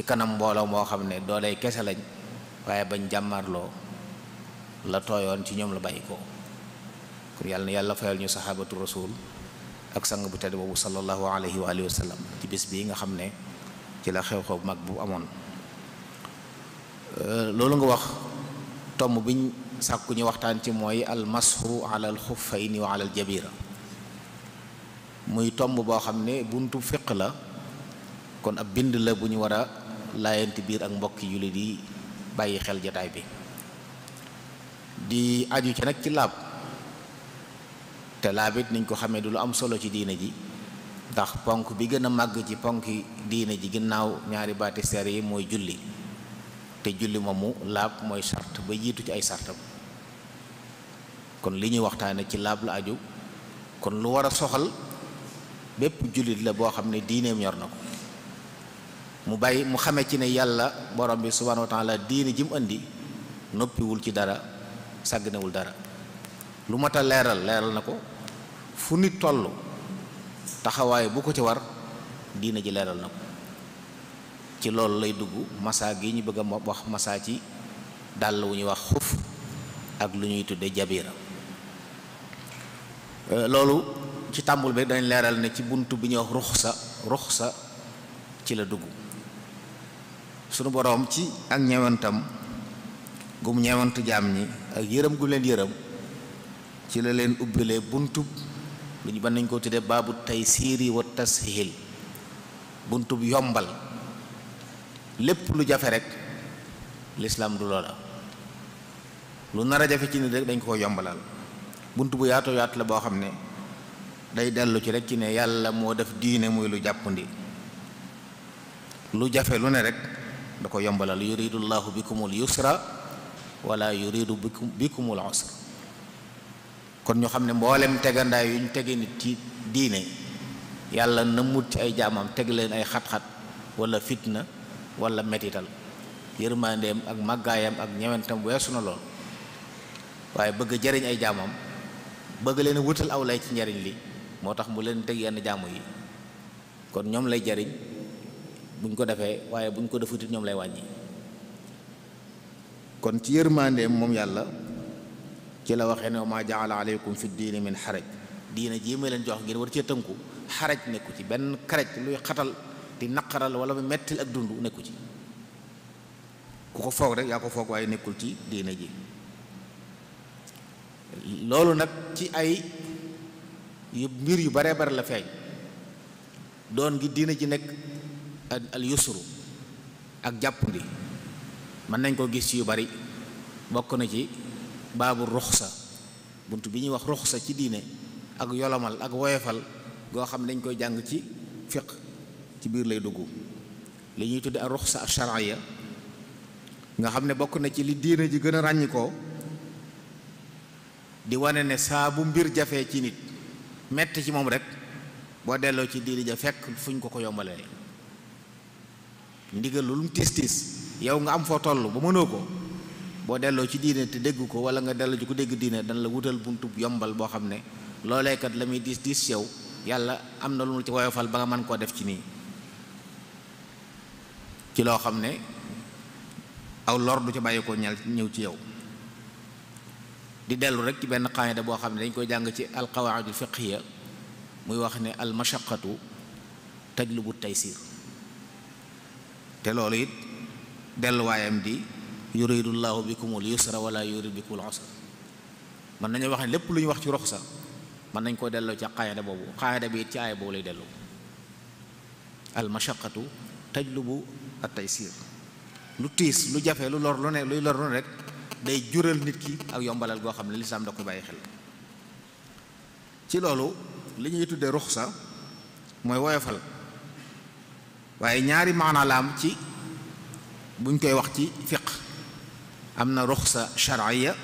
ci kanam mbooloo moo xam ne dooley kese lañ waaye bañ jàmmarloo la tooyoon ci ñoom la bàyyi ko kon yàlla na yàlla fayal ñu saxaabatu rasul ak sang bu tedd boobu sallallahu alayhi wa alihi wa sallam ci nga xam ne ci la xew-xew mag bu amoon euh, loolu nga wax tomb biñ sàkku ñu waxtaan ci mooy al masxu ala al xuffayni wa ala al muy tomb boo xam ne buntu fiq la kon ab bind la bu ñu war laayanti biir ak mbokki jullit di bàyyi xel jataay bi di aju ci nag ci laab te laab it niñ ko xamee du lu am solo ci diine ji ndax ponk bi gën a màgg ci ponk diine ji ginnaaw ñaari baati yi mooy julli te julli moomu laab mooy sart ba jiitu ci ay sartam kon li ñuy waxtaane ci laab la aju kon lu war a soxal bépp jullit la boo xam ne diineem ñor na ko mu bàyyi mu xamee ci ne yàlla borom bi subhanahu wa la diini jim mu indi noppiwul ci dara sàggnewul dara lu mat a leeral leeral na ko fu nit tollu taxawaay bu ko ci war diine ji leeral na ko ci loolu lay dugg masaa gi ñu bëgg a wax massa ci dàll wu ñuy wax xuf ak lu ñuy tudde jabiira euh, loolu ci tàmbul bi dañ leeral ne ci bunt bi ñuy sa ruxsa sa ci la dugg sunu boroom ci ak ñewantam gum ñewantu jaam ñi ak yërëm gu leen yërëm ci la leen ubbilee buntub lu ñu ban nañ koo tuddee baabu tey siiri wa tashil buntub yombal lépp lu jafe rek lislaam du loola lu nar a jafe ci nit rek dañ koo yombalal bunt bu yaatu yaatu la boo xam ne day dellu ci rek ci ne yàlla moo def diine muy lu jàppandi lu jafe lu ne rek da ko yombalal yuridu llahu bikumul yusra wala yuridu bikumul usra kon ñu xam ne mboolem tegandaay yu ñu tege nit ci diine yàlla nëmmut ci ay jaamam teg leen ay xat-xat wala fitna wala metital yërmandeem ak màggaayam ak ñewentam weesu na lool waaye bëgg jariñ ay jaamam bëgg leen wutal aw lay ci njariñ li moo tax mu leen teg yenn jaamu yi kon ñoom lay jariñ buñ ko defee waaye buñ ko defutit ñoom lay wàññi kon ci yërmandeem moom yàlla ci la waxee new ma jaala aleykum fi diini min xaraj diina ji may leen jox ngeen war cee tënku xaraj nekku ci benn xaraj luy xatal di naqaral wala mu mettil ak dund nekku ci ku ko foog rek yaa ko foog waaye nekkul ci diina ji loolu nag ci ay yu mbir yu baree bare la feeñ doon gi diina ji nekk al yusru ak jàppandi mën nañ koo gis yu bari bokk na ci baabu sa bunt bi ñuy wax ruxsa ci diine ak yolomal ak woyofal goo xam ne dañ koy jàng ci fiq ci biir lay dugg li ñuy tudde ak ruxsa ash-shar'iyya nga xam ne bokk na ci li diine ji gën a ràññikoo di wane ne saabu mbir jafee ci nit metti ci moom rek boo delloo ci diine ja fekk fu ñu ko ko yombalee ndigal lu mu tiis tiis yow nga am foo toll ba mënoo ko boo delloo ci diine te dégg ko wala nga delloo ci ku dégg diine dana la wutal buntu yombal boo xam ne looleekat la muy diis diis yow yàlla am na lu mu ci woyofal ba nga mën koo def ci nii ci loo xam ne aw lor du ci bàyyi ko ñal ñëw ci yow di dellu rek ci benn qaayida boo xam ne dañ koy jàng ci alqawaidul fiqhiya muy wax ne al mashaqatu tajlubu taysir te loolu it delluwaayam di yuridullahu bikumul yusra wala yurid bikumul usra mën nañu wax ne lépp lu ñu wax ci rox sa mën nañ koo delloo ci qaayada boobu qaayada bi it ci lay dellu al mashaqatu tajlubu at taysir lu tiis lu jafe lu lor lu ne luy lor lu ne rek day jural nit ki ak yombalal goo xam ne lislaam da ko bàyyi xel ci loolu li ñuy tuddee ruxsa mooy woyofal waaye ñaari maanaa la am ci buñ koy wax ci fiq am na ruxsa shar'iyya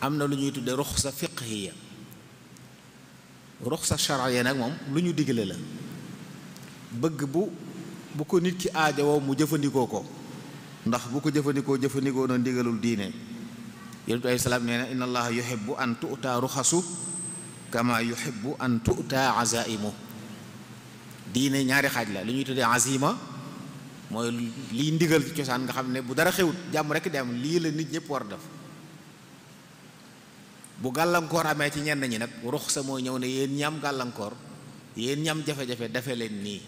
am na lu ñuy tudde ruxsa fiqhiyya ruxsa shar'iyya nag moom lu ñu digle la bëgg bu bu ko nit ki aajowoo mu jëfandikoo ko ndax bu ko jëfandikoo jëfandikoo na ndigalul diine yonent bi aleyhi salaam nee na inna allaha yuhibbu an tu'taa ruxasu kama yuhibbu an tu'taa azaa'imu diine ñaari xaaj la li ñuy tuddee azima mooy liy ndigal ci cosaan nga xam ne bu dara xewut jàmm rek di am lii la nit ñëpp war def bu gàllankoor amee ci ñenn ñi nag rux sa mooy ñëw ne yéen ñi gàllankoor yéen ñam am jafe-jafe defe leen nii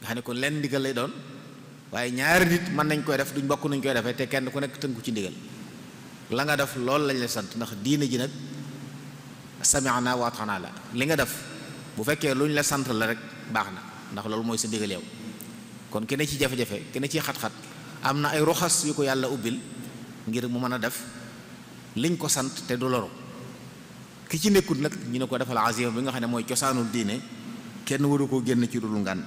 nga xam ne ko leen ndigal lay doon waaye ñaari nit mën nañ koy def duñ bokk nañ koy defee te kenn ku nekk tënku ci ndigal la nga def loolu lañ la sant ndax diine ji nag sami'na wa ata'na la li nga def bu fekkee lu ñu la sant la rek baax na ndax loolu mooy sa ndigal yow kon ki ci jafe-jafe ki ci xat-xat am na ay roxas yu ko yàlla ubbil ngir mu mën a def liñ ko sant te du loru ki ci nekkut nag ñu ne ko defal azima bi xam ne mooy cosaanul diine kenn waru koo génn ci dul ngànt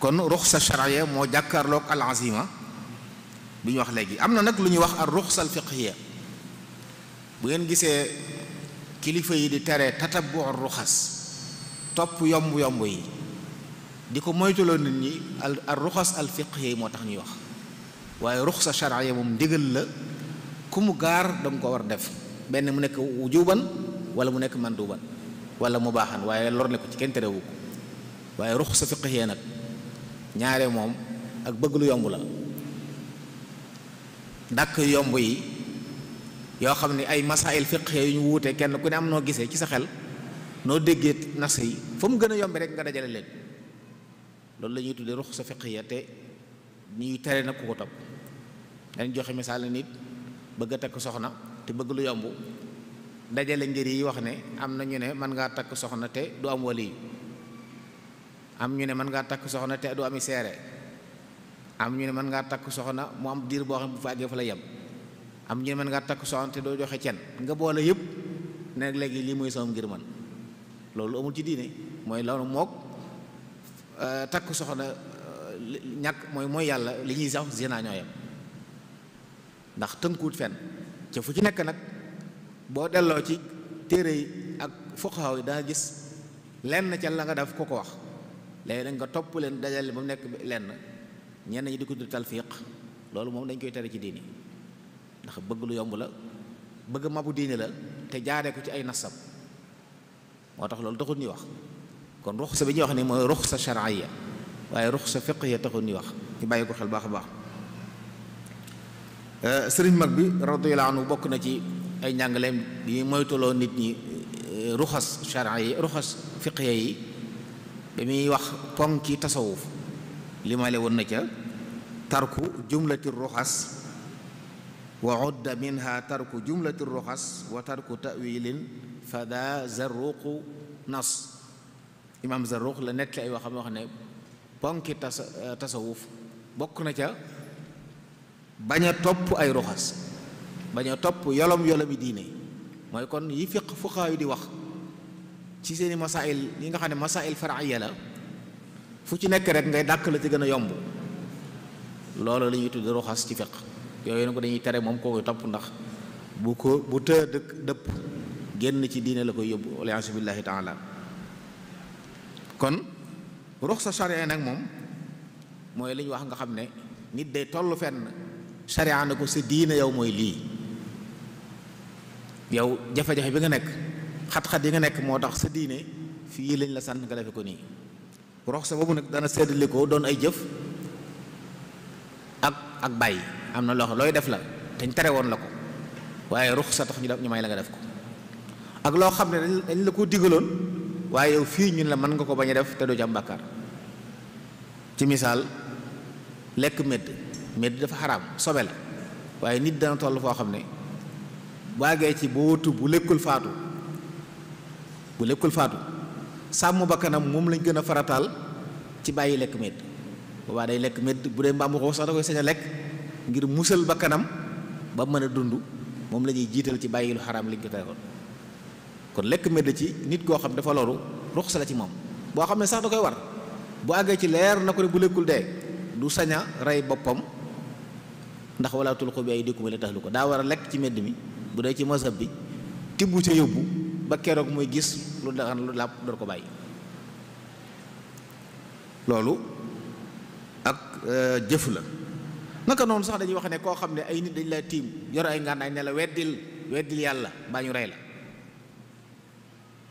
kon ruxsa charia moo jàkkaarloog al azima bi ñu wax léegi am na nag lu ñuy wax ar ruxsa al bu ngeen gisee kilifa yi di tere tatabu ruxas topp yomb yomb yi di ko moytuloo nit ñi al ruxas al fiqhi moo tax ñuy wax waaye ruxsa charia moom ndigal la ku mu gaar danga ko war def benn mu nekk wujuban wala mu nekk manduban wala mu baaxan waaye lor ne ko ci kenn terewu ko waaye ruxsa fiqhi nag ñaare moom ak bëgg lu yomb la dàkk yomb yi yoo xam ne ay masail fiqh yu ñu wuute kenn ku ne am noo gisee ci sa xel noo déggee nas yi fa mu gën a yombi rek nga dajale leen loolu la ñuy tuddee rux sa fiqhiya te ñuy tere na ku ko topp dañ joxe misaal nit bëgg a takk soxna te bëgg lu yomb dajale ngir yi wax ne am na ne mën ngaa takk soxna te du am wali am ñu ne mën ngaa takk soxna te du ami seere am ñu ne mën ngaa takk soxna mu am diir boo xam bu fa àggee fa la yem am ñu mën nga takk soxna te doo joxe cen nga boole yëpp ne léegi lii mooy sama ngir man loolu amul ci diine mooy loolu mook euh, takk soxna euh, ñàkk mooy mooy yàlla li ñuy sax zina ñoo yem ndax tënkuwut fen ca fu ci nekk nag boo delloo ci téere yi ak fuqahaa yi daa gis lenn ca la nga def ko ko wax léegi nag nga topp leen dajale ba mu nekk lenn ñenn ñi di ko du talfiq loolu moom dañ koy tere ci diini ndax bëgg lu yomb la bëgg mabu diine la te jaaree ko ci ay nasab moo tax loolu taxul ñuy wax kon ruxsa bi ñuy wax ni mooy ruxsa shar'iyya waaye ruxsa fiqhiyya taxul ñuy wax ñu bàyyi ko xel baax a baax euh, sëriñ mag bi radiyallahu anhu bokk na ci ay njàngaleem bi moytuloo nit ñi euh, ruxas shar'iyya ruxas fiqhiyya yi bi muy wax ponki tasawuf limaale woon na ca tarku jumlati ruxas wa udda minha tarku jumlati ruxas wa tarku tawilin fa daa zaruqu nas imaam zaruq la nett ay waxam wax ne ponki tasa euh, tasawuf bokk na ca bañ a topp ay ruxas bañ a topp yolom yolomi diine mooy kon yi fiq fuqaa yu di wax ci seeni masail yi nga xam ne masail faraiya la fu ci nekk rek ngay dàkk la ci gën a yomb looloo la ñuy tuddi ruxas ci fiq yooyu na ko dañuy tere moom koy topp ndax bu ko bu të dëkk dëpp génn ci diine la koy yóbbu aliasu billahi taala kon rux sa charia nag moom mooy li ñu wax nga xam ne nit day toll fenn charia na ko yow mooy lii yow jafe-jafe bi nga nekk xat-xat yi nga nekk moo tax sa diine fii lañ la sant nga defe ko nii rox sa boobu nag dana séddale ko doon ay jëf ak ak bàyyi am na loxo looy def la dañ tere woon la ko waaye ruxsa sa tox def ñu may la nga def ko ak loo xam ne dañ la ko digaloon waaye yow fii ñun la mën nga ko bañ a def te doo ci am ci misaal lekk medd medd dafa xaraam sobe la waaye nit dana toll foo xam ne waagee ci boo wëtu bu lekkul faatu bu lekkul faatu sàmm bakkanam moom lañ gën a farataal ci bàyyi lekk medd boobaa day lekk medd bu dee mbaam xuux sax da koy sañ a lekk ngir musal kanam ba mën a dund moom lañuy jiital ci bàyyilu lu xaraam liñ ko kon lekk medd ci nit koo xam dafa loru ruxsa la ci moom boo xam ne sax da koy war bu àggee ci leer na ko ne bu lekkul dee du sañ a rey boppam ndax wala tulqu bi aydikum ila ko daa war a lekk ci medd mi bu dee ci mazhab bi tibb ca yóbbu ba keroog muy gis lu daxan lu làpp ko bàyyi loolu ak euh, jëf la naka noonu sax dañuy wax ne koo xam ne ay nit dañ laa tiim yor ay ngànnaay ne la weddil weddil yàlla mbaa ñu rey la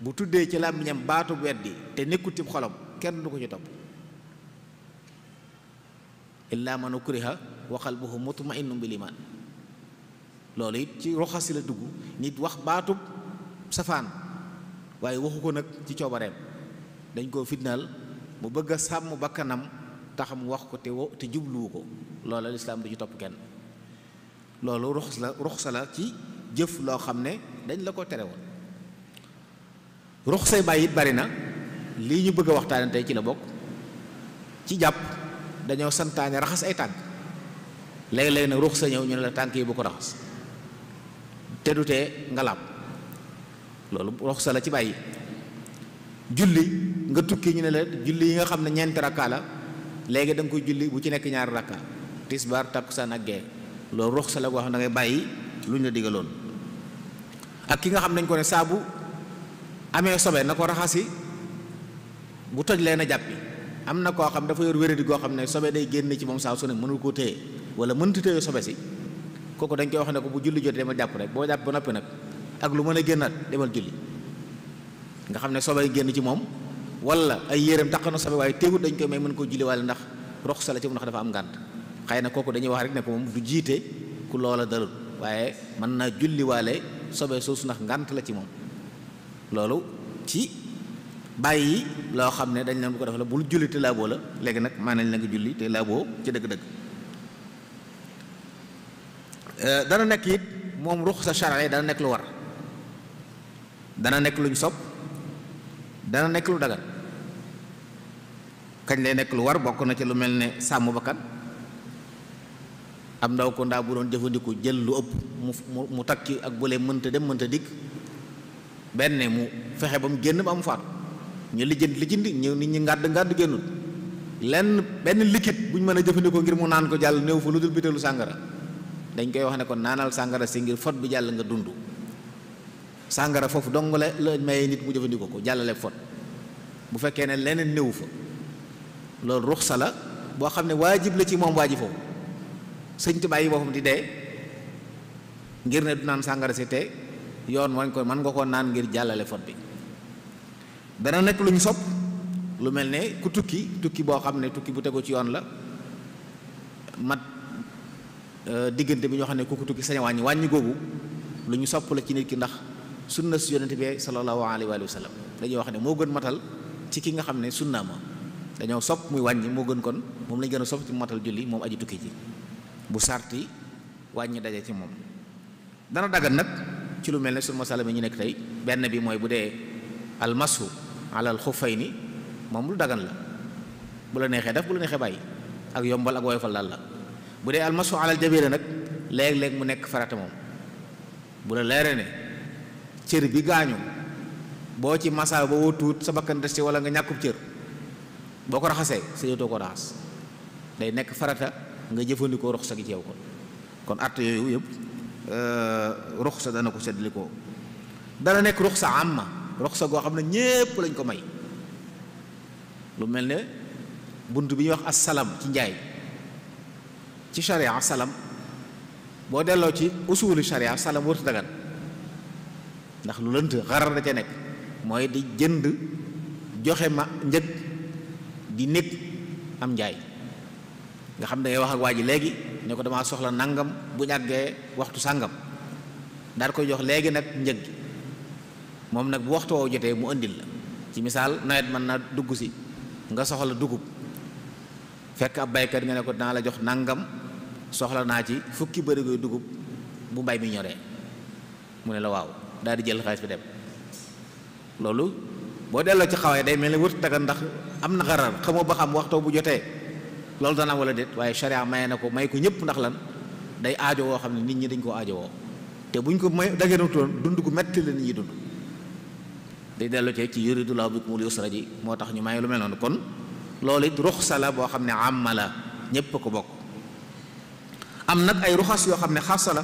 bu tuddee ci làmmiñam baatu weddi te nekkut ci xolam kenn du ko ci topp illaa man ukriha wa qalbuhu mutma'innun bil iman loolu it ci roxasi la dugg nit wax baatub safaan waaye waxu ko nag ci coobareem dañ koo fitnaal mu bëgg a sàmm bakkanam taxamu wax ko te wo te jubluwu ko loolu loola lislaam du ci topp kenn loolu ruxsa la roxusa la ci jëf loo xam ne dañ la ko tere woon ruxsay bàyyi it bari na lii ñu bëgg a waxtaane tey ci la bokk ci jàpp dañoo santaane raxas ay tànk léeg-léeg nag ruxsa ñëw ñu ne la tànk yi bu ko raxas te du te nga loolu ruxsa la ci bàyyi julli nga tukki ñu ne la julli yi nga xam ne ñeenti rakkaa la léegi da koy julli bu ci nekk ñaari rakkaa tisbaar takkusaan ak gee loolu sa la goo xam ne da ngay bàyyi lu ñu la digaloon ak ki nga xam dañ ko ne saabu amee sobe na ko raxasi bu toj leen a jàppi am na koo xam dafa yor wéradi goo xam ne sobe day génn ci moom saa su mënul koo téye wala mënut téye sobe si kooku dañ koy wax ne ko bu julli jotee demal jàpp rek boo jàpp ba noppi nag ak lu mën a génnaat demal julli nga xam ne sobe génn ci moom wala ay yéreem taq na sobe waaye teewut dañ koy may mën koo julli wala ndax rox sala ci moom ndax dafa am ngànt xëy na kooku dañuy wax rek ne ko moom du jiite ku loola dalul waaye mën naa julliwaale sobe soosu ndax ngànt la ci moom loolu ci bàyyi loo xam ne dañ leen bu ko def la bul julli te laaboo la léegi nag maa nañ la julli te laaboo ci dëgg-dëgg euh, dana nekk it moom ruxsa shar'i dana nekk lu war dana nekk luñ sopp dana nekk lu dagan kañ lay nekk lu war bokk na ci lu mel ne sàmm bakkan am ndaw ko ndaa bu doon jëfandikoo jël lu ëpp mu mu takki ak bulee mënta dem mënta dikk benn mu fexe ba mu génn ba am faatu ñu lijjanti lijjanti ñu nit ñi ngàdd ngàdd génnul lenn benn liquide bu ñu mën a jëfandikoo ngir mu naan ko jàll néew fa lu dul biteelu sàngara dañ koy wax ne ko naanal sàngara si ngir fot bi jàll nga dund sàngara foofu dong la la mayee nit mu jëfandikoo ko jàllale fot bu fekkee ne leneen néew fa loolu sa la boo xam ne waajib la ci moom waaji foofu sëñ Tuubaa yi boppam di dee ngir ne du naan sàngara si te yoon wañ ko mën nga koo naan ngir jàllale fot bi dana nekk lu ñu sopp lu mel ne ku tukki tukki boo xam ne tukki bu tegu ci yoon la mat euh, diggante bi ñoo xam ne ku ko tukki sañ a wàññi wàññi googu lu ñu sopp la ci nit ki ndax sunna su yonente bi sallallahu alayhi wa sallam dañuy wax ne moo gën matal ci ki nga xam ne sunna ma dañoo sopp muy wàññi moo gën kon moom lañ gën a sopp ci matal julli moom aji tukki bu sart yi wàññi daje ci moom dana dagal nag ci lu mel ne suñu masala mi ñu nekk tey benn bi mooy bu dee almasu alal xufay ni moom lu dagan la bu la neexee def bu la neexee bàyyi ak yombal ak woyofal daal la bu dee almasu alal jabira nag léeg-léeg mu nekk farata moom bu la leeree ne cër bi gaañu boo ci masa ba wóotuut sa bakkan des ci wala nga ñàkkub cër boo ko raxasee sa yotoo ko raxas day nekk farata nga jëfandikoo ruxsa gi ci yow kon kon at yooyu yëpp euh, ruxsa dana ko seddlikoo dana nekk am ruxsa rox sa goo xam ne ñépp lañ ko may lu mel ne bunt bi ñuy wax asalaam ci njaay ci sharia salam boo delloo ci usulu sharia salam wërta dagan ndax lu lënt xarar da ca nekk mooy di jënd joxe ma njëg di nekk am njaay nga xam day wax ak waa ji léegi ne ko damaa soxla nangam bu ñàggee waxtu sàngam daal koy jox léegi nag njëg gi moom nag bu waxtu jotee mu indil la ci misaal nawet mën naa dugg si nga soxla dugub fekk ab baykat nga ne ko dinaa la jox nangam soxla naa ci fukki bërigoy dugub bu mbay mi ñoree mu ne la waaw daal di jël xaalis bi dem loolu boo delloo ci xawee day mel ni wër taga ndax am na xarar xamoo ba xam waxtoo bu jotee loolu dana wala déet waaye sharia maye na ko may ko ñëpp ndax lan day aajo woo xam ne nit ñi dañ koo ajo woo te buñ ko may dagenutoon dund ko metti la nit ñi dund day dellu cee ci yuridu laahu bikumul yusra ji moo tax ñu may lu mel noonu kon loolu it ruxsa la boo xam ne àmma la ñëpp ko bokk am nag ay ruxas yoo xam ne xassa la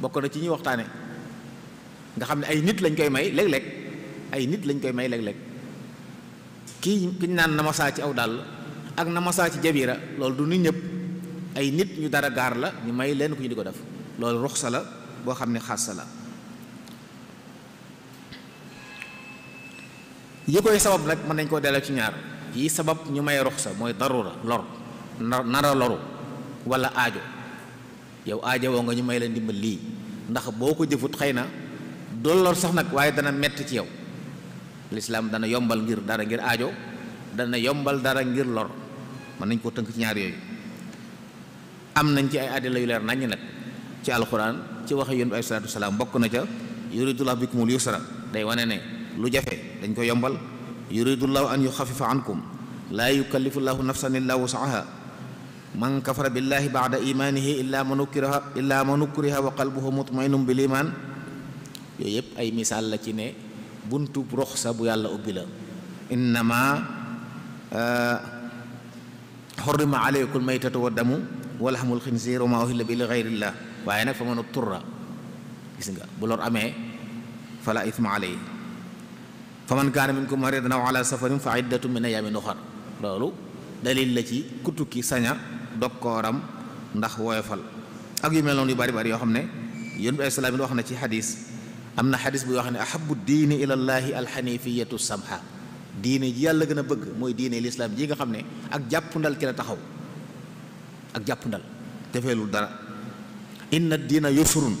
bokk na ci ñuy waxtaane nga xam ne ay nit lañ koy may léeg-léeg ay nit lañ koy may léeg-léeg kii kiñ naan na ma ci aw dàll ak na masaa ci jabira loolu du nit ñëpp ay nit ñu dara gaar la ñu may leen ku ñu di ko def loolu ruxsa la boo xam ne xaasa la yi koy sabab nag mën nañ koo delloo ci ñaar yi sabab ñu may ruxsa mooy darura lor nara loru wala aajo yow aajo woo nga ñu may la ndimbal lii ndax boo ko jëfut xëy na dool lor sax nag waaye dana mett ci yow lislaam dana yombal ngir dara ngir aajo dana yombal dara ngir lor mën nañ koo tënk ci ñaar yooyu am nañ ci ay àddila leer naññ nag ci alxuraan ci waxe yonent bi alayhi salaatu salaam bokk na ca yuridullahu bikumul yusra day wane ne lu jafe dañ ko yombal yuridullahu an yuxafifa ankum laa yukallifullahu nafsan illa wusaha man kafara billahi baada imanihi illa man ukriha illa man ukriha wa qalbuhu mutmainum bil iman yooyu yëpp ay misaal la ci ne buntu rox bu yàlla ubbi la innama euh, xurrima aleykum maytatu wa damu wa laxmul xinsiir wa maa uhilla bi li gayrillah waaye nag fa man turra gis nga bu lor amee fala ithma aley fa man kaana minkum maridan wax ala safarin fa iddatu min ayaamin uxar loolu dalil la ci ku tukki saña dokkooram ndax woyofal ak yu mel noonu yu bari bari yoo xam ne yón bi islaam yi xam ne ci xadis am na xadis bu yoo xam ne ahabu diini ila llaahi alxanifiyatu samha diine ji yàlla gën a bëgg mooy diine lislaam ji nga xam ne ak jàpp ndal ki la taxaw ak jàpp ndal defeelul dara inna diina yusrun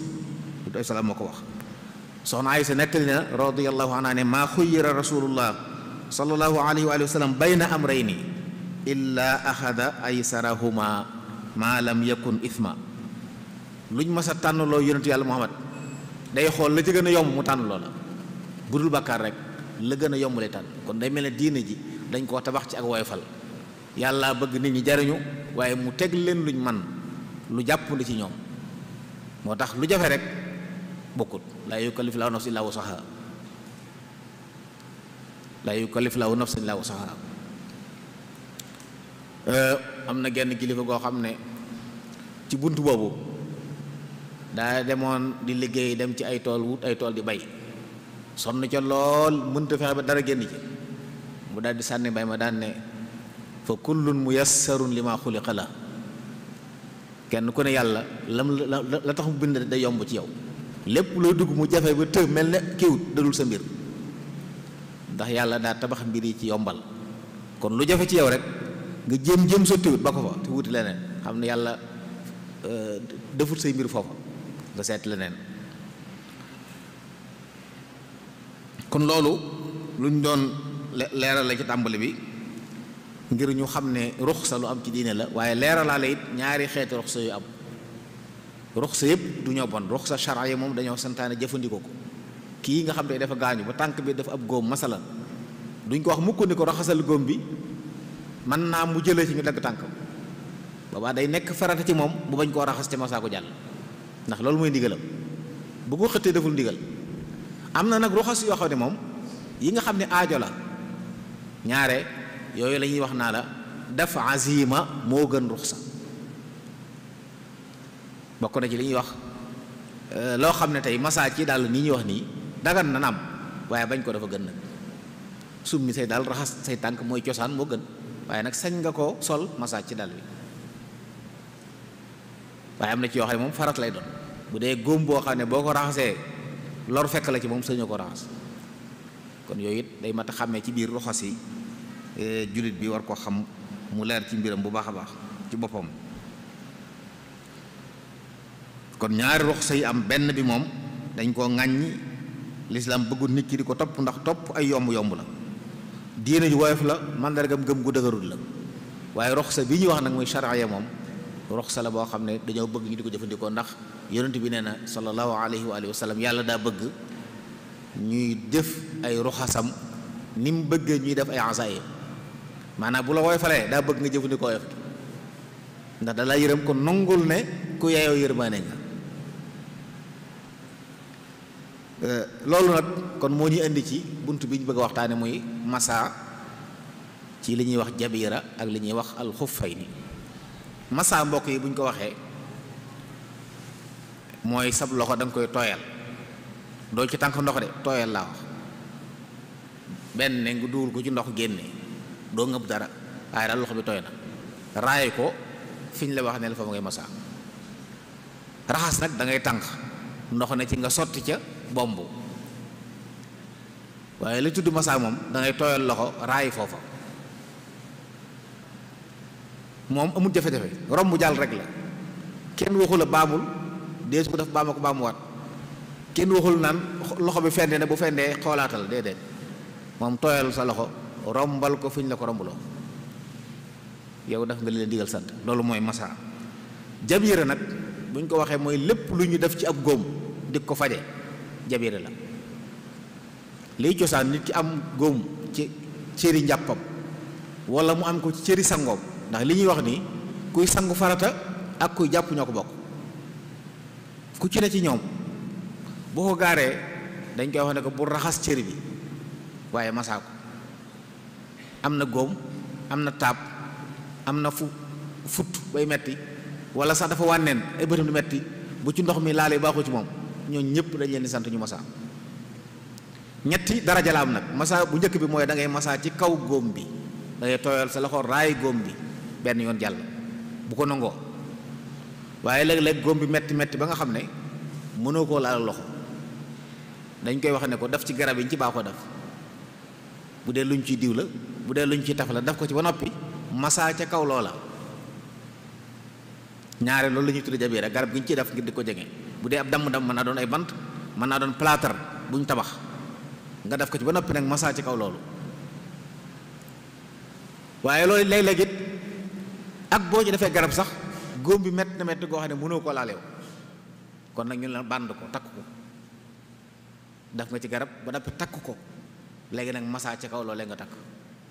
du salaam moo ko wax soxna Aysa nettali na radiyallahu anha ne maa xuyyira rasulullah sallallahu alayhi wa sallam bayna amrayni illa axada aysarahuma maa lam yakun ithma luñ mas a tànn loo yonentu yàlla muhammad day xool la ci gën a yomb mu tànn loola budul bàkkaar rek la gën a yomb lay kon day mel ne diine ji dañ koo tabax ci ak woyofal yàlla bëgg nit ñi jariñu waaye mu teg leen luñ man lu jàppandi ci ñoom moo tax lu jafe rek bokkut laa yukallifu laahu nafsan illaa wusahaa laa yukallifu laahu nafsan illaa am na genn kilifa goo xam ne ci bunt boobu daa demoon di liggéey dem ci ay tool wut ay tool di bay sonn ca lool mënta fexe ba dara génn ci mu daal sànni mbay ma daan ne fa kullun muyassarun li ma xuliqa xalaa kenn ku ne yàlla lam la la tax mu bind day yomb ci yow lépp loo dugg mu jafe ba tëb mel ne kiwut dadul sa mbir ndax yàlla daa tabax mbir yi ci yombal kon lu jafe ci yow rek nga jëm jëm sa tiwut ba ko fa te wuti leneen xam ne yàlla euh, defut say mbir foofu nga seet leneen kon loolu luñ doon leeral la ci tàmbali bi ngir ñu xam ne ruxsa lu am ci diine la waaye leeralaale it ñaari xeeti ruxsa yu am ruxsa yëpp du ñoo bon ruxsa charia moom dañoo santaane jëfandikoo ko kii nga xam ne dafa gaañu ba tànk bi dafa ab góom masalan duñ ko wax mukk ni ko raxasal góom bi mën naa mu jëlee ci ñu dagg tànk boobaa day nekk farata ci moom bu bañ koo raxas te masaa ko jàll ndax loolu mooy ndigalam bu ko xëttee deful ndigal am na nag ruxas yoo xam ne moom yi nga xam ne aajo la ñaare yooyu lañuy wax naa la def azima moo gën ruxsa bokk na ci li ñuy wax euh, loo xam ne tey masaa ci daal nii ñuy wax nii dagan na naam waaye bañ ko dafa gën nag summi say daal raxas say tànk mooy cosaan moo gën waaye nag sañ nga koo sol masaa ci dàll bi waaye am na ci yoo xam ne moom farat lay doon bu dee góom boo xam ne boo ko raxasee lor fekk la ci moom sañu ko raxas kon yooyu it day mat a xàmmee ci biir roxas yi e, jullit bi war koo xam mu leer ci mbiram bu baax a baax ci boppam kon ñaari roxas yi am benn bi moom dañ koo ŋàññi lislaam bëggul nit ki di ko topp ndax topp ay yomb-yomb la diine ju woyof la mandargam gëm gu dëgërul la waaye roxsa bi ñuy wax nag muy charia moom roxsa la boo xam ne dañoo bëgg ñu di ko jëfandikoo ndax yonent bi nee na sallallahu alayhi wa alihi wa sallam yàlla daa bëgg ñuy def ay roxasam ni mu bëggee ñuy def ay asaye maanaam bu la woy falee daa bëgg nga jëfandikoo woyof ndax da yërëm ko nongul ne ku yaayoo yërmaane nga euh, loolu nag kon moo ñuy indi ci bunt bi ñu bëgg a waxtaane muy massa ci li ñuy wax jabiira ak li ñuy wax alxuffayni massa mbokk yi bu ñu ko waxee mooy sab loxo danga koy tooyal doo ci tànk ndox de tooyal laa wax benn nga dugal ko ci ndox génne doo ngëb dara waaye daal loxo bi tooy na raay ko fiñ la wax ne la fa ngay massa raxas nag dangay tànk ndox na ci nga sotti ca bomb waaye lu tudd massa moom da ngay tooyal loxo raay foofa moom amul jafe-jafe romb jàll rek la kenn waxul a baamul dee su ko def baama ko baamuwaat kenn waxul naan loxo bi fende na bu fendee xoolaatal déedéet moom tooyal sa loxo rombal ko fu la ko rombaloo yow daf nga leen digal sant loolu mooy masa jabiira nag buñ ko waxee mooy lépp lu ñu def ci ab góom di ko faje jabiira la liy cosaan nit ki am góom ci cëri njàppam wala mu am ko ci cëri sangoom ndax li ñuy wax ni kuy sangu farata ak kuy jàpp ñoo ko bokk ku ci ne ci ñoom boo ko gaaree dañ koy wax ne ko bu raxas cër bi waaye masaa ko am na góom am na taab am na fu fut bay metti wala sax dafa wànneen ay bëtam di metti bu ci ndox mi laalee baaxu ci moom ñooñ ñëpp dañ leen sant ñu masaa ñetti daraja la am nag masaa bu njëkk bi mooy da ngay masaa ci kaw góom bi da tooyal sa loxo raay góom bi benn yoon jàll bu ko nangoo waaye leg léeg góom bi metti metti ba nga xam ne mënoo koo laal loxo dañ koy wax ne ko daf ci garab yi ñu ci baaxoo def bu dee luñ ciy diw la bu dee luñ ciy taf la daf ko ci ba noppi masaa ca kaw loola ñaare loolu la ñuy tudde jabiira garab gi ciy def ngir ko jege bu dee damm-damm mën naa doon ay bant mën naa doon plâtre bu ñu tabax nga def ko ci ba noppi nag masaa ci kaw loolu waaye loolu léeg-léeg ak boo ci defee garab sax góom bi métti na métti goo xam ne mënoo ko laaleew kon nag ñun la bànd ko takk ko daf nga ci garab ba dappi takk ko léegi nag masaa ci kaw loolee nga takk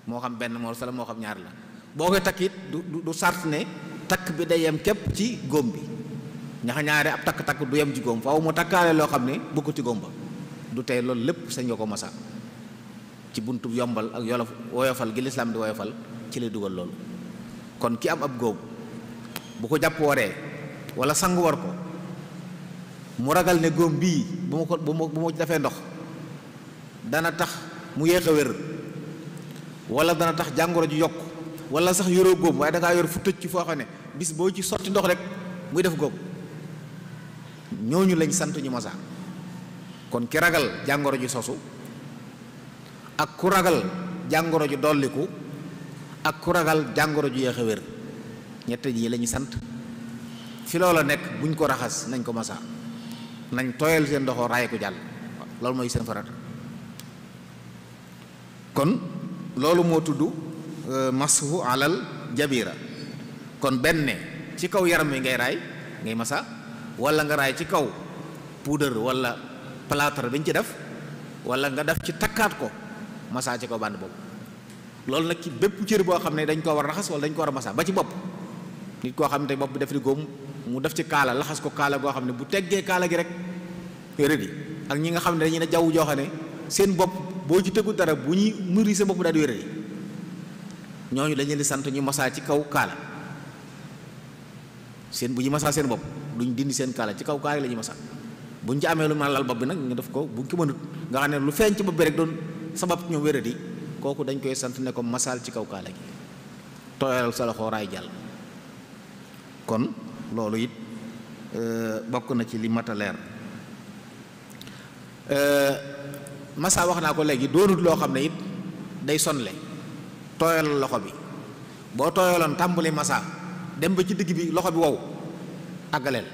moo xam benn morceau la moo xam ñaari la boo koy takk it du du sart ne takk bi day yem képp ci góom bi ñaxa ñaare ab takk-takk du yem ci góom faaw mu takkaale loo xam ne bukk ci góom ba du tey loolu lépp sañ nga ko masaa ci buntu yombal ak yolof woyofal gi lislaam di woyofal ci lay dugal loolu kon ki am ab góob bu ko jàpp waree wala sangu ko mu ragal ne góom bii bu ma ko bu ma bu ma ci defee ndox dana tax mu yéex a wér wala dana tax jàngoro ji yokk wala sax yoroo góom waaye da ngaa yor fu ci foo xam ne bis boo ci sotti ndox rek muy def góob ñooñu lañ sant ñu mosa kon ki ragal jàngoro ji sosu ak ku ragal jàngoro ji dolliku ak ku ragal jàngoro ju yéex a wér ñett ji lañuy sant fi loola nekk buñ ko raxas nañ ko masa nañ tooyal seen ndoxoo raay ko jàll loolu mooy seen farata kon loolu moo tudd euh, mashu alal jabira kon benn ci kaw yaram wi ngay raay ngay masa walla nga raay ci kaw puudar wala plâtre bi ñu ci def walla nga def ci takkaat ko masa ci kaw bànd boobu loolu nag ci bépp cër boo xam ne dañ koo war raxas wala dañ ko war a masa ba ci bopp nit koo xam ne bopp bi def di góom mu def ci kaala laxas ko kaala goo xam ne bu teggee kaala gi rek wéradi ak ñi nga xam ne dañu ne jaww joo xam ne seen bopp boo ci tegu dara bu ñuy muri sa bopp daal ñooñu dañ leen di sant ñu masaa ci kaw kaala seen bu ñu masaa seen bopp duñ dindi seen kaala ci kaw kaala la ñuy masaa buñ ci amee lu mën a lal bopp bi nag nga def ko buñ ko mënut nga xam ne lu feeñ ci bopp bi rek doon sabab ñoom wéradi kooku dañ koy sant ne ko masaal ci kaw kaala gi tooyal sa loxo raay jàll kon loolu it euh, bokk na ci li mat a leer euh, masa wax naa ko léegi doonut loo xam ne it day sonle tooyal loxo bi boo tooyaloon tàmbali masaa dem ba ci digg bi loxo bi wow àggaleel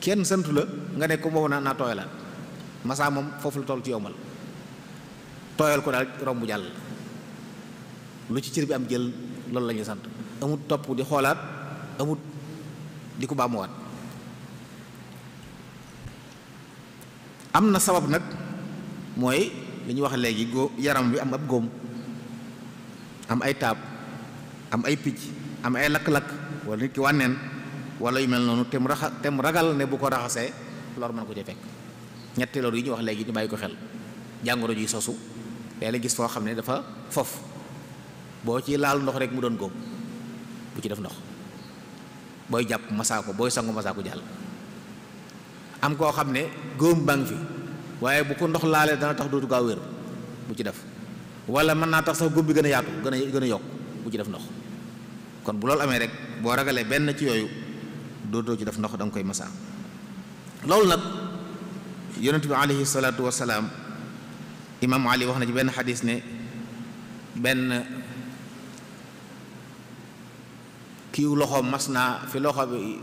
kenn santu la nga ne ko wow naa naa tooyalaat masaa moom foofu la toll ci yombal tooyal ko daal romb jàll lu ci cër bi am jël loolu la sant amut topp di xoolaat amut di ko baamuwaat am na sabab nag mooy li ñu wax léegi gó yaram bi am ab góom am ay taab am ay picc am ay lakk-lakk wala nit ki wànneen wala yu mel noonu tem raxa tem ragal ne bu ko raxasee lor mën ko ci fekk ñetti loolu yi ñu wax léegi ñu bàyyi ko xel jàngoro ji sosu léeg la gis foo xam ne dafa fof boo ci laal ndox rek mu doon góob bu ci def ndox booy jàpp masaako booy sangu masaako jàll am koo xam ne góom baa ngi fi waaye bu ko ndox laalee dana tax dootu gaaw wér bu ci def wala mën naa tax sax góob bi gën a yaatu gën a gën a yokk bu ci def ndox kon bu loolu amee rek boo ragalee benn ci yooyu dootoo ci def ndox da nga koy masaa loolu nag yonent bi aleyhi salaatu wasalaam imaamu ali wax na ci benn xadis ne benn kiiw loxo mas naa fi loxo bi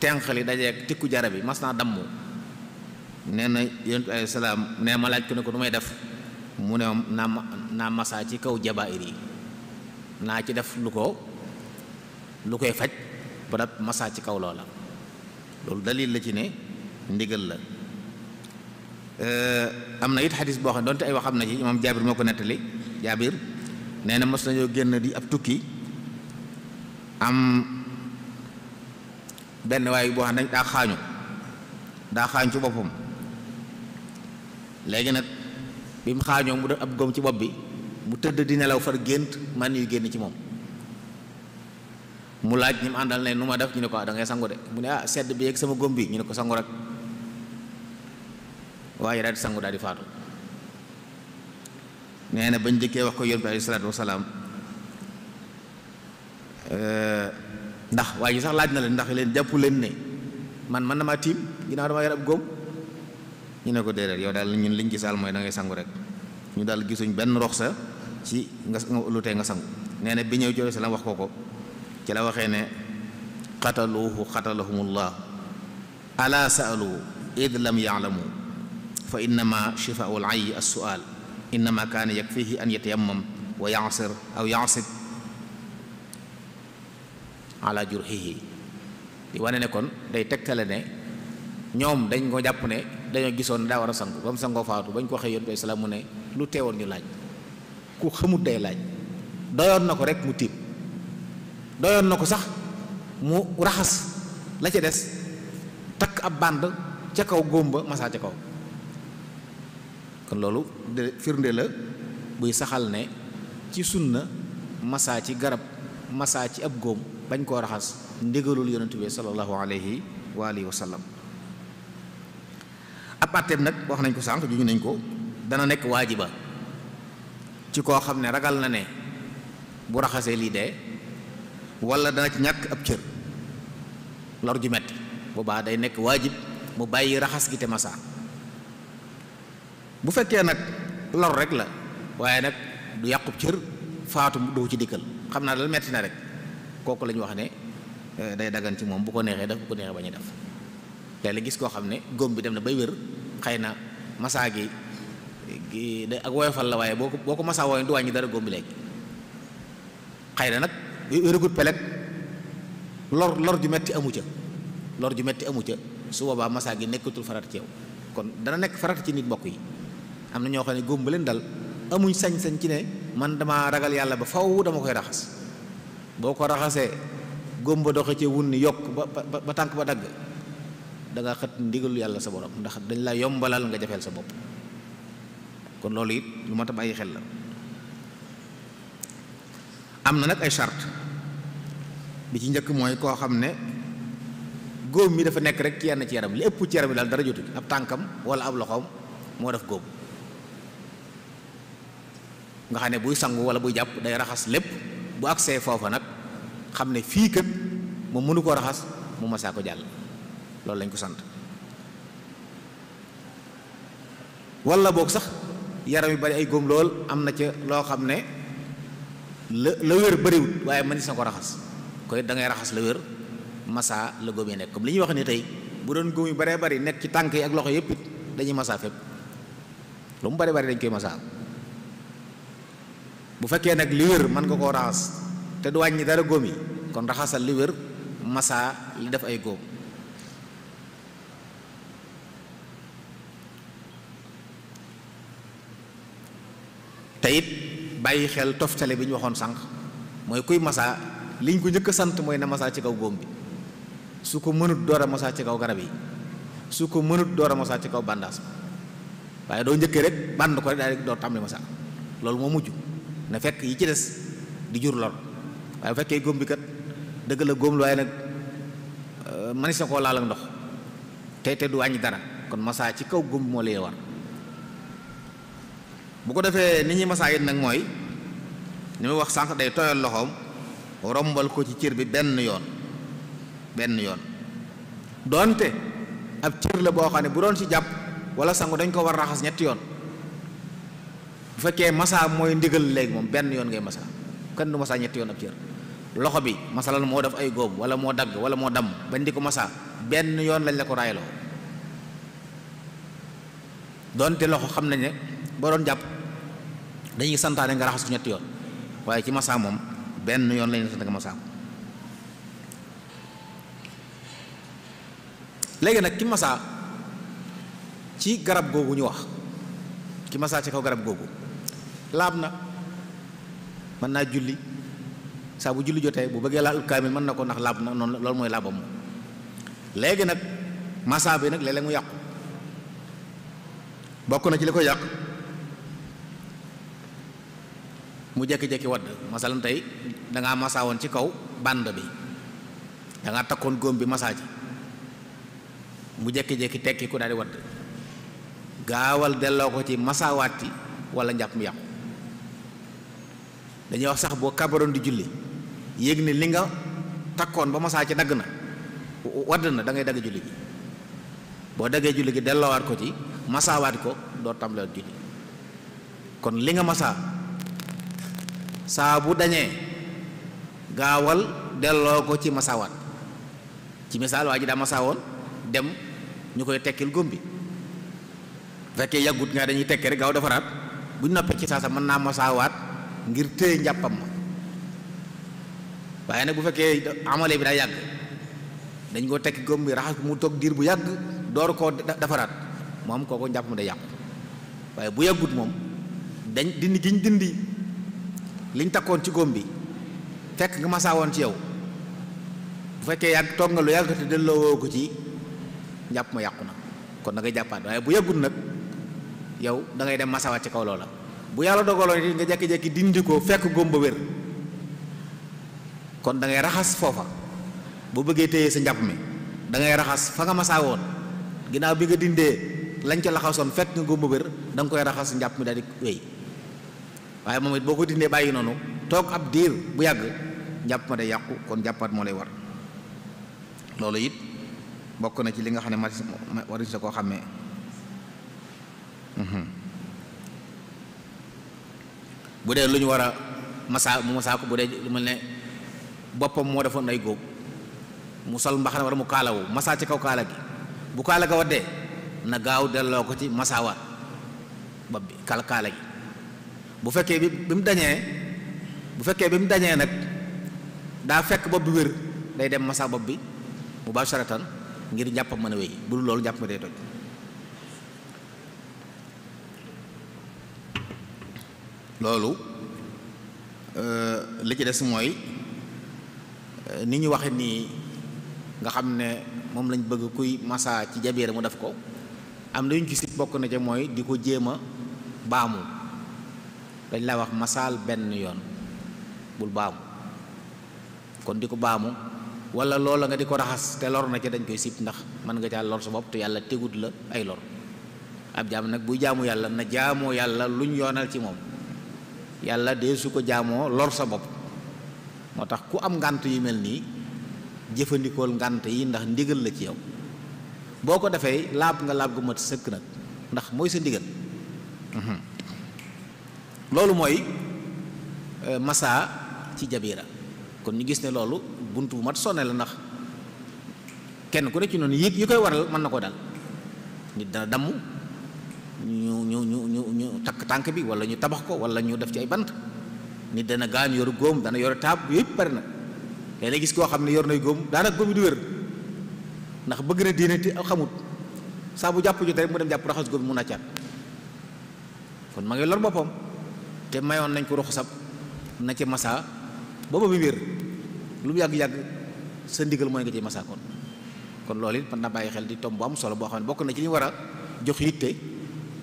tenq li dajeeg tikku jara bi mas naa damm nee na yonent bi alayhi salaam nee ma laaj ko ne ko nu def mu ne naa naa masaa ci kaw jabaayir yi naa ci def lu ko lu koy faj ba masaa ci kaw loola loolu dalil la ci ne ndigal la Euh, am na it xadis boo xam ne donte ay wax am na ci moom jaabir moo ko nettali jaabir nee na mos nañoo génn di ab tukki am benn waay boo xam ne daa xaañu daa xaañ ci boppam léegi nag bi mu xaañoo mu def ab góom ci bopp bi mu tëdd di nelaw far gént man ñuy génn ci moom mu laaj ñi mu àndal ne nu ma def ñu ne ko ah, da sangu de mu ne ah sedd bi yeeg sama góom bi ñu ne ko sangu rek waaye daal di sangu daal di faatu nee na bañ njëkkee wax ko yonent bi aleyhi salaam eh, ndax waa ji sax laaj na leen ndax leen jàpp leen ne man man na maa tiim ginnaaw dama yar góom ñu ne ko déedéet yow daal ñu liñ gisaal mooy dangay sangu rek ñu daal gisuñ benn rox sa ci nga lu tee nga sangu nee na bi ñëw sa salaam wax ko ko ci la waxee ne xataluuhu xatalahumullah ala saaluhu id lam yaalamu fa innama chifaau layi alsual innama kaana yakfihi an yatayammam wa yaasir aw yaasib ala jurhihi di wane ne kon day tegtale ne ñoom dañ ko jàpp ne dañoo gisoon daa war a sangu ba mu sangoo faatu bañ koo waxee yonent bi salaam mu ne lu teewoon ñu laaj ku xamut day laaj doyoon na ko rek mu tiib doyoon na ko sax mu raxas la ca des takk ab bànd ca kaw góom ba masaa ca kaw kon loolu de firnde la buy saxal ne ci sunna masaa ci garab masaa ci ab góom bañ koo raxas ndigalul yonentu bi sallallahu alayhi wa alihi wa sallam ab àtteeb nag wax nañ ko sànq juñu nañ ko dana nekk waajiba ci koo xam ne ragal na ne bu raxasee lii dee wala dana ci ñàkk ab cër lor ju metti boobaa day nekk waajib mu bàyyi raxas gi te masaa bu fekkee nag lor rek la waaye nag du yàqub cër faatu doo ci dikkal xam naa dal metti na rek kooku la ñu wax ne eh, day daggan ci moom bu ko neexee def bu ko neexee bañ a def léeg-léeg gis koo xam ne góom bi dem na bay wér xëy na masaa gi de ak woyofal la waaye boo ko boo ko masaa wooyee du wàññi dara góom bi léegi xëy na nag wéragut peleg lor lor ju metti amu ca lor ju metti amu ca su boobaa masaa gi nekkatul farata ci yow kon dana nekk farata ci nit mbokk yi am na ñoo xam ne góom leen dal amuñ sañ-sañ ci ne man damaa ragal yàlla ba faw dama koy raxas boo ko raxasee góom ba doxe ci wun ni yokk ba ba tànk ba dagg da nga xët yàlla sa borom ndax dañ la yombalal nga jafeel sa bopp kon loolu it lu mat bàyyi xel la am na nag ay charte bi ci njëkk mooy koo xam ne góom bi dafa nekk rek ci yenn ci yaram li ëpp ci yaram bi daal dara jotu ab tànkam wala ab loxoom moo def góom nga xam ne buy sangu wala buy jàpp day raxas lépp bu agsee foofa nag xam ne fii kat moom mënu koo raxas mu masaa ko jàll loolu lañ ko sant wala boog sax yaram yu bari ay góom lool am na ca loo xam ne la la wér bëriwut waaye mënees na ko raxas koy da ngay raxas la wér masaa la góom nekk comme li ñuy wax ni tey bu doon góom yu baree bari nekk ci tànk yi ak loxo yëpp dañuy masaa fépp lu mu baree bari dañ koy masaa bu fekkee nag li wér mën nga koo raxas te du wàññi dara góom yi kon raxasal li masaa li def ay góom te it bàyyi xel toftale bi ñu waxoon sànq mooy kuy masaa liñ ko njëkk sant mooy na masaa ci kaw góom bi su ko mënut door a masaa ci kaw garab yi su ko mënut door a masaa ci kaw bandaas waaye doo njëkkee rek bànd ko rek daal di door masaa loolu moo mujj na fekk yi ci des di jur lor waaye bu fekkee góom bi kat dëgg la góom lu waaye nag euh, manis na koo laal ak ndox tey te du wàññi dara kon masaa ci kaw góom bi moo lay war bu ko defee ni ñuy masaa it nag mooy ni muy wax sànq day tooyal loxoom rombal ko ci cër bi benn yoon benn yoon doonte ab cër la boo xam ne bu doon ci jàpp wala sangu dañ ko war a raxas ñetti yoon bu fekkee massa mooy ndigal léegi moom benn yoon ngay massa kenn du massa ñetti yoon ab cër loxo bi la moo def ay góob wala moo dagg wala moo damm bañ di ko masaa benn yoon lañ la ko raayaloo donte loxo xam nañ ne boo jàpp dañuy santaane nga raxas ko ñetti yoon waaye ci massa moom benn yoon lañ la sant nga massa ko léegi nag ki masaa ci garab googu ñu wax ki masaa ci kaw garab googu laab na mën naa julli saa bu julli jotee bu bëggee laal mi mën na ko ndax laab na noonu loolu mooy laabam léegi nag massa bi nag léeg mu yàqu bokk na ci li ko yàq mu jekki-jekki wadd masalan tey dangaa massa woon ci kaw bànd bi danga takkoon góom bi masaa ji mu jekki-jekki tekki ku daal di wadd gaawal delloo ko ci massawaati wala njàpp mu yàqu dañuy wax sax boo kabaroon di julli yéeg ne li nga takkoon ba masaa ci dagg na wadd na da dagg julli gi boo daggee julli gi delloowaat ko ci masaawaat ko doo tàmbalewaat julli kon li nga masaa saa bu dañee gaawal delloo ko ci masaawaat ci misaal waa ji daa masaa woon dem ñu koy tekkil góom bi fekkee yàggut nga dañuy tekkee rek gaaw defaraat bu ñu noppee ci saa sa mën naa masaawaat ngir téye njàppam ma waaye nag bu fekkee amale bi daa yàgg dañ koo tekki góom bi raxas mu toog diir bu yàgg door koo defaraat moom kooku njàpp ma day yàqu waaye bu yàggut moom dañ dindi giñ dindi liñ takkoon ci góom bi fekk nga masaawoon ci yow bu fekkee yàgg toog nga lu yàgg te delloo woo ko ci njàpp ma yàqu na kon da ngay jàppaat waaye bu yàggut nag yow dangay dem masaawaat ci kaw loola bu yàlla dogaloon it nga jekki-jekki dindi ko fekk gómba wér kon da raxas foofa boo bëggee téye sa njàpp mi dangay raxas fa nga masaa woon ginnaaw bi nga dindee lañ ca laxasoon fekk nga gómba wér danga koy raxas njàpp mi daal di wéy waaye moom it boo ko dindee bàyyi noonu toog ab diir bu yàgg njàpp ma day yàqu kon jàppaat moo lay war loolu it bokk na ci li nga xam ne ma war sa koo xàmmee mhm. bu dee lu ñu war a masaa mu masaa ko bu dee lu ma ne boppam moo defoon ay góob mu sol mbaxane war mu kaala woo masaa ci kaw kaala gi bu kaala ga waddee na gaaw delloo ko ci masaa bopp bi kaal gi bu fekkee bi bi mu dañee bu fekkee bi mu dañee nag daa fekk bopp bi wér day dem masaa bopp bi mu basharatan ngir njàppam mën a wéy bu dul loolu njàpp ma day toj loolu euh, li ci des mooy euh, ni ñu waxe nii nga xam ne moom lañ bëgg kuy masaa ci jabeere mu def ko am na ñu ci si bokk na ca mooy di ko jéem a baamu dañ laa wax masaal benn yoon bul baamu kon di ko baamu walla loolu nga di ko raxas te lor na ca dañ koy sib ndax mën nga caa lor sa bopp te yàlla tegut la ay lor ab jaam nag buy jaamu yàlla na jaamoo yàlla luñ yoonal ci moom yàlla de su ko jaamoo lor sa bopp moo tax ku am ngànt yu mel nii jëfandikool ngànt yi ndax ndigal la ci yow boo ko defee laab nga laab gu mat sëkk nag ndax mooy sa ndigal mhm. loolu mooy euh, massa ci jabira kon ñu gis ne loolu bunt bu mat sonne la ndax kenn ku ne ci noonu yi yi koy waral mën na ko dal nit dana damm ñu ñu ñu ñu ñu takk tànk bi wala ñu tabax ko wala ñu def ci ay bant nit dana gaañ yoru góom dana yoru taab yëpp pare na gis koo xam ne yor nay góom daanaka góomi du wér ndax bëgg na diine te xamut saa bu jàpp jotee rek mu dem jàpp raxas góomi mu naccaat kon ma ngi lor boppam te mayoon nañ ko ruxsab na ci massa booba bi wér lu yàgg-yàgg sa ndigal mooy nga ci massa kon kon loolu it mën na bàyyi xel di tom bu am solo boo xam ne bokk na ci li ñu war a jox yitte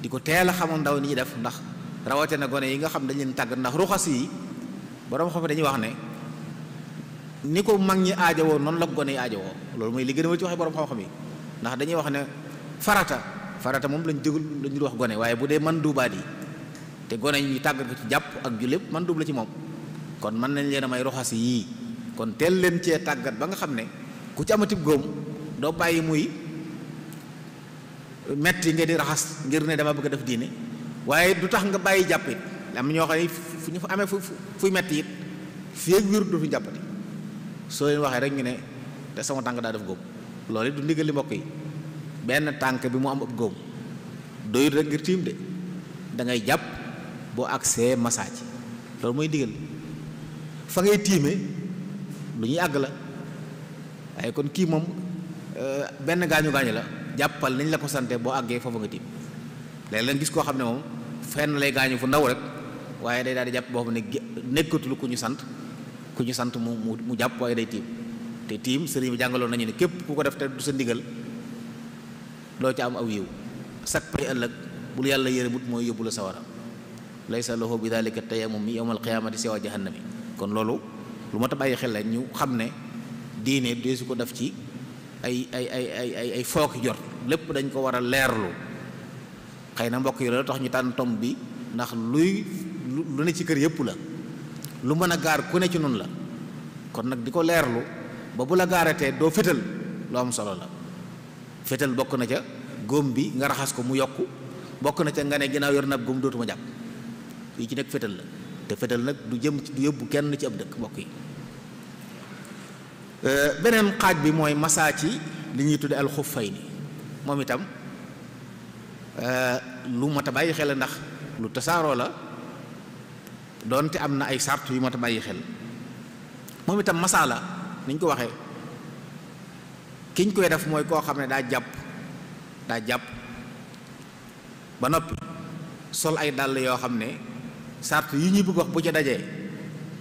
di ko teel a xamoon ndaw ni ñuy def ndax rawate na gone yi nga xam dañ leen tàggat ndax ruxas yi borom xam dañuy wax ne ni ko mag ñi aajowoo noonu la gone yi aajowoo loolu mooy li gën a wër ci waxee borom xam-xam yi ndax dañuy wax ne farata farata moom lañ déglu lañ dul wax gone waaye bu dee man duubaat yi te gone yi ñu tàggat ko ci jàpp ak ju man duub la ci moom kon mën nañ leen a may ruxas yii kon teel leen cee tàggat ba nga xam ne ku ci amatib góom metti nga di raxas ngir ne dama bëgg a def diine waaye du tax nga bàyyi jàpp it am ñoo xam ne fu ñu fa amee fu fuy metti it fii ak wér du fi jàppati soo leen waxee rek ñu ne te sama tànk daa def góob loolu it du ndigal li mbokk yi benn tànk bi mu am ab góob doyut rek ngir tiim de da jàpp boo agsee massage loolu mooy ndigal fa ngay tiime lu ñuy àgg la waaye kon kii moom euh, benn gaañu gaañu la jàppal nañ la ko sante boo àggee foofu nga tiim léegi la gis koo xam ne moom fenn lay gaañu fu ndaw rek waaye day daal di jàpp boo xam ne nekkatul ku ñu sant ku ñu sant mu mu jàpp waaye day tiim te tiim sëriñ bi jàngaloo nañu ne képp ku ko def te du sa ndigal loo ca am aw yiw sak pay ëllëg bul yàlla yërëmut mooy yóbbu la sawara laysa loxo bi dalika tayamum yawmal qiyaamati siwa jahannami kon loolu lu ma ta bàyyi xel la ñu xam ne diine deesu ko def ci ay ay ay ay ay ay fooki jot lépp dañ ko war a leerlu xëy na mbokk yi loolu tax ñu tànn tomb bi ndax luy lu ne ci kër yëpp la lu mën a gaar ku ne ci nun la kon nag di ko leerlu ba bu la gaaratee doo fétal lu am solo la fétal bokk na ca góom bi nga raxas ko mu yokk bokk na ca nga ne ginnaaw yor nag góom dootuma jàpp yi ci nekk fétal la te fétal nag du jëm du yóbbu kenn ci ab dëkk mbokk yi Euh, beneen xaaj bi mooy masaa ci li ñuy tudde alxuffayni moom itam euh, lu mat a bàyyi xel ndax lu tasaaroo la doonte am na ay sart yu mat a bàyyi xel moom itam masaa la niñ ko waxee kiñ koy def mooy koo xam ne daa jàpp daa jàpp ba noppi sol ay dàll yoo xam ne sart yi ñuy bëgg wax bu ci dajee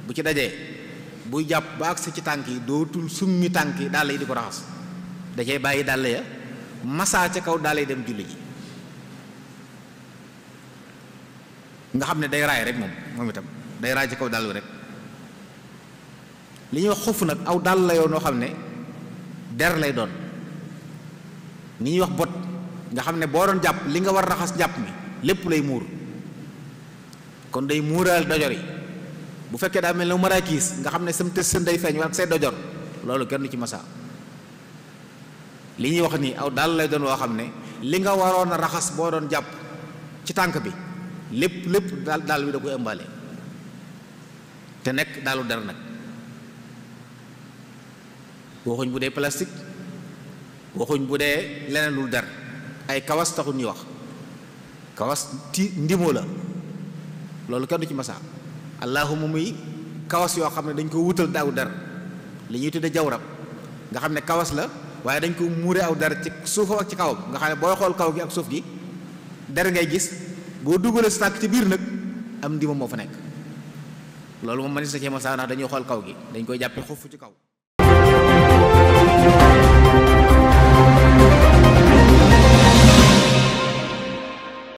bu ci dajee buy jàpp ba agsi ci tànk yi dootul summi tànk yi dàll yi di ko raxas da bàyyi dàll ya masaa ca kaw dàll yi dem julli ji nga xam ne day raay rek moom moom itam day raay ci kaw dàll rek li ñuy wax xuf nag aw dàll la yoo noo xam ne der lay doon ni ñuy wax bot nga xam ne boo doon jàpp li nga war raxas jàpp mi lépp lay muur kon day muuraal dojor yi bu fekkee daa mel ne maraakis nga xam ne sam tës sën day feeñ wala say dojor loolu kenn ci masa li ñuy wax nii aw daal lay doon woo xam ne li nga waroon a raxas boo doon jàpp ci tànk bi lépp lépp daal daal bi da koy ëmbaale te nekk daalu der nag waxuñ bu dee plastique waxuñ bu dee leneen lu der ay kawas taxul ñuy wax kawas ti ndimo la loolu kenn ci masaa allahuma muy kawas yoo xam ne dañ ko wutal aw dar li ñuy tudde jawrab nga xam ne kawas la waaye dañ ko muure aw dar ci suufam ak ci kawam nga xam ne booy xool kaw gi ak suuf gi dar ngay gis boo dugalee sàkk ci biir nag am ndima moo fa nekk loolu moom man sa cee ma saa ndax dañuy xool kaw gi dañ koy jàppe xuff ci kaw